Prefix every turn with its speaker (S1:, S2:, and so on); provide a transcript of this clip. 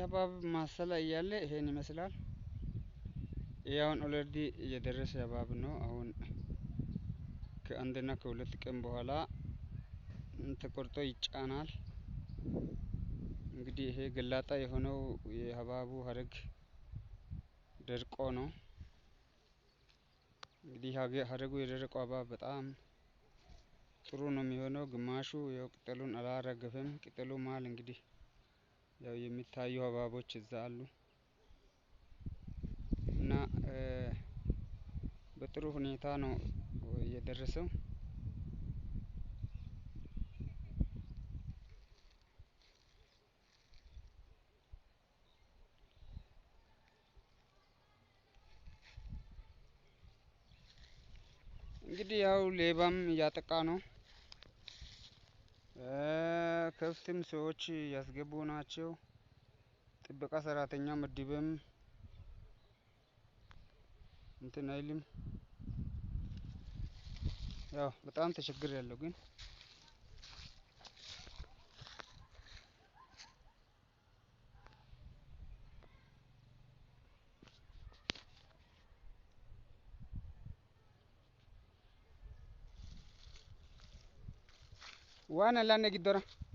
S1: የሀብሀብ ማሰላ እያለ ይሄን ይመስላል። ያውን ኦልሬዲ እየደረሰ የሀብሀብ ነው። አሁን ከአንድና ከሁለት ቀን በኋላ ተቆርጦ ይጫናል። እንግዲህ ይሄ ገላጣ የሆነው የሀባቡ ሀረግ ደርቆ ነው። እንግዲህ ሀረጉ የደረቀው ሀብሀብ በጣም ጥሩ ነው የሚሆነው። ግማሹ ያው ቅጠሉን አላረገፈም። ቅጠሉ መሀል እንግዲህ ያው የሚታዩ እባቦች እዛ አሉ እና በጥሩ ሁኔታ ነው የደረሰው። እንግዲህ ያው ሌባም እያጠቃ ነው። ከውስጥም ሰዎች ያስገቡ ናቸው። ጥበቃ ሰራተኛ መድበም እንትን አይልም። ያው በጣም ተቸግር ያለው ግን ዋና ላነ ጊዶራ